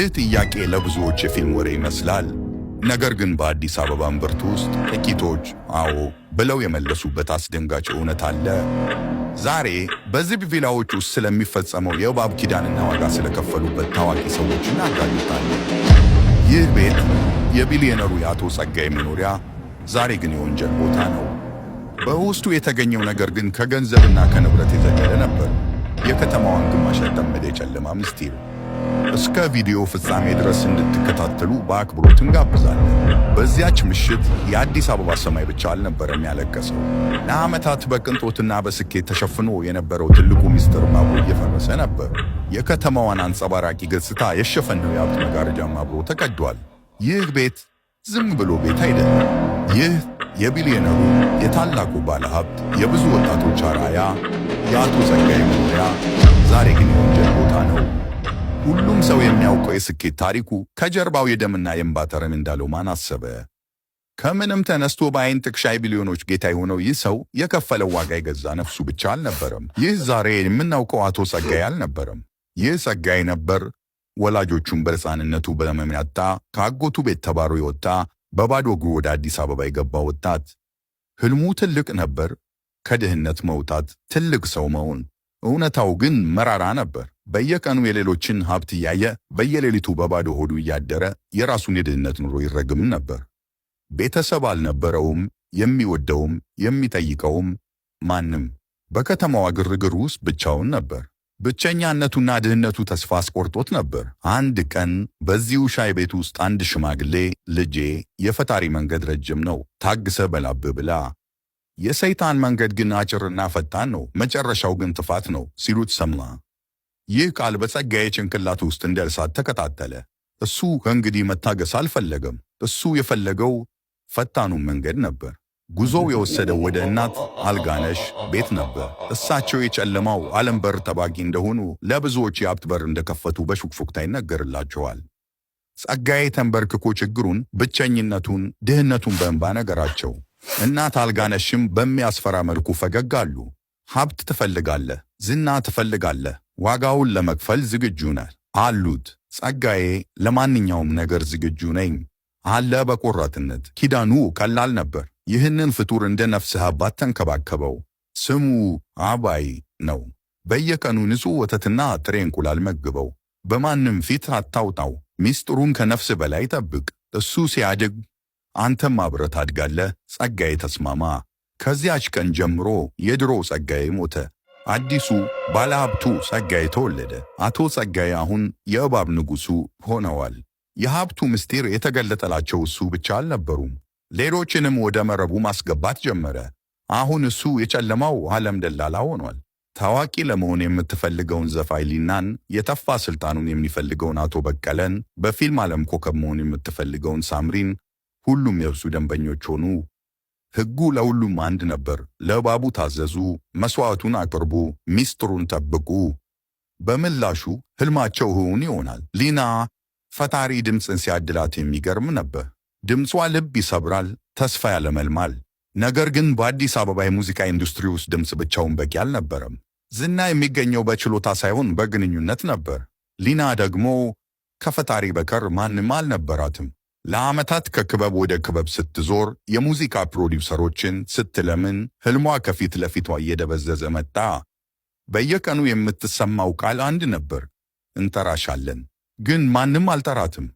ይህ ጥያቄ ለብዙዎች የፊልም ወሬ ይመስላል። ነገር ግን በአዲስ አበባ እምብርት ውስጥ ጥቂቶች አዎ ብለው የመለሱበት አስደንጋጭ እውነት አለ። ዛሬ በዝብ ቪላዎች ውስጥ ስለሚፈጸመው የእባብ ኪዳንና ዋጋ ስለከፈሉበት ታዋቂ ሰዎች እናጋልጣለን። ይህ ቤት የቢሊዮነሩ የአቶ ጸጋዬ መኖሪያ ዛሬ ግን የወንጀል ቦታ ነው። በውስጡ የተገኘው ነገር ግን ከገንዘብና ከንብረት የዘለለ ነበር። የከተማዋን ግማሽ ያጠመደ የጨለማ ምስጢር እስከ ቪዲዮ ፍጻሜ ድረስ እንድትከታተሉ በአክብሮት እንጋብዛለን። በዚያች ምሽት የአዲስ አበባ ሰማይ ብቻ አልነበረም ያለቀሰው። ለዓመታት በቅንጦትና በስኬት ተሸፍኖ የነበረው ትልቁ ሚስጥር ማብሮ እየፈረሰ ነበር። የከተማዋን አንጸባራቂ ገጽታ የሸፈነው የሀብት መጋረጃም አብሮ ተቀዷል። ይህ ቤት ዝም ብሎ ቤት አይደለም። ይህ የቢሊዮነሩ የታላቁ ባለሀብት የብዙ ወጣቶች አራያ፣ የአቶ ጸጋዬ መኖሪያ ዛሬ ግን የወንጀል ቦታ ነው። ሁሉም ሰው የሚያውቀው የስኬት ታሪኩ ከጀርባው የደምና የእንባ እንዳለው ማን አሰበ? ከምንም ተነስቶ በአይን ጥቅሻ ቢሊዮኖች ጌታ የሆነው ይህ ሰው የከፈለው ዋጋ የገዛ ነፍሱ ብቻ አልነበረም። ይህ ዛሬ የምናውቀው አቶ ጸጋይ አልነበረም። ይህ ጸጋይ ነበር። ወላጆቹን በሕፃንነቱ በህመም ያጣ፣ ከአጎቱ ቤት ተባሮ የወጣ፣ በባዶ እግሩ ወደ አዲስ አበባ የገባ ወጣት። ህልሙ ትልቅ ነበር፤ ከድህነት መውጣት፣ ትልቅ ሰው መሆን። እውነታው ግን መራራ ነበር። በየቀኑ የሌሎችን ሀብት እያየ በየሌሊቱ በባዶ ሆዱ እያደረ የራሱን የድህነት ኑሮ ይረግም ነበር። ቤተሰብ አልነበረውም፣ የሚወደውም የሚጠይቀውም ማንም። በከተማዋ ግርግር ውስጥ ብቻውን ነበር። ብቸኛነቱና ድህነቱ ተስፋ አስቆርጦት ነበር። አንድ ቀን በዚሁ ሻይ ቤት ውስጥ አንድ ሽማግሌ ልጄ፣ የፈጣሪ መንገድ ረጅም ነው፣ ታግሰ በላብ ብላ የሰይጣን መንገድ ግን አጭርና ፈጣን ነው፣ መጨረሻው ግን ጥፋት ነው ሲሉት ሰማ። ይህ ቃል በጸጋዬ ጭንቅላት ውስጥ እንደ እሳት ተከታተለ። እሱ ከእንግዲህ መታገስ አልፈለገም። እሱ የፈለገው ፈጣኑን መንገድ ነበር። ጉዞው የወሰደው ወደ እናት አልጋነሽ ቤት ነበር። እሳቸው የጨለማው ዓለም በር ጠባቂ እንደሆኑ፣ ለብዙዎች የሀብት በር እንደከፈቱ በሹክሹክታ ይነገርላቸዋል። ጸጋዬ ተንበርክኮ ችግሩን፣ ብቸኝነቱን፣ ድህነቱን በእንባ ነገራቸው። እናት አልጋነሽም በሚያስፈራ መልኩ ፈገግ አሉ። ሀብት ትፈልጋለህ፣ ዝና ትፈልጋለህ፣ ዋጋውን ለመክፈል ዝግጁ ነህ አሉት። ጸጋዬ ለማንኛውም ነገር ዝግጁ ነኝ አለ በቆራጥነት። ኪዳኑ ቀላል ነበር። ይህንን ፍጡር እንደ ነፍስህ አባት ተንከባከበው። ስሙ አባይ ነው። በየቀኑ ንጹሕ ወተትና ጥሬ እንቁላል መግበው። በማንም ፊት አታውጣው። ሚስጥሩን ከነፍስ በላይ ጠብቅ። እሱ ሲያድግ አንተም አብረት አድጋለ። ጸጋዬ ተስማማ። ከዚያች ቀን ጀምሮ የድሮ ጸጋዬ ሞተ። አዲሱ ባለሀብቱ ጸጋዬ ተወለደ። አቶ ጸጋዬ አሁን የእባብ ንጉሡ ሆነዋል። የሀብቱ ምስጢር የተገለጠላቸው እሱ ብቻ አልነበሩም። ሌሎችንም ወደ መረቡ ማስገባት ጀመረ። አሁን እሱ የጨለማው ዓለም ደላላ ሆኗል። ታዋቂ ለመሆን የምትፈልገውን ዘፋይሊናን ሊናን፣ የተፋ ስልጣኑን የሚፈልገውን አቶ በቀለን፣ በፊልም ዓለም ኮከብ መሆን የምትፈልገውን ሳምሪን፣ ሁሉም የእርሱ ደንበኞች ሆኑ። ሕጉ ለሁሉም አንድ ነበር። ለእባቡ ታዘዙ፣ መሥዋዕቱን አቅርቡ፣ ሚስጥሩን ጠብቁ። በምላሹ ሕልማቸው እውን ይሆናል። ሊና ፈታሪ ድምፅን ሲያድላት የሚገርም ነበር። ድምጿ ልብ ይሰብራል፣ ተስፋ ያለመልማል። ነገር ግን በአዲስ አበባ የሙዚቃ ኢንዱስትሪ ውስጥ ድምፅ ብቻውን በቂ አልነበረም። ዝና የሚገኘው በችሎታ ሳይሆን በግንኙነት ነበር። ሊና ደግሞ ከፈታሪ በቀር ማንም አልነበራትም። ለዓመታት ከክበብ ወደ ክበብ ስትዞር የሙዚቃ ፕሮዲውሰሮችን ስትለምን ህልሟ ከፊት ለፊቷ እየደበዘዘ መጣ። በየቀኑ የምትሰማው ቃል አንድ ነበር፣ እንጠራሻለን። ግን ማንም አልጠራትም።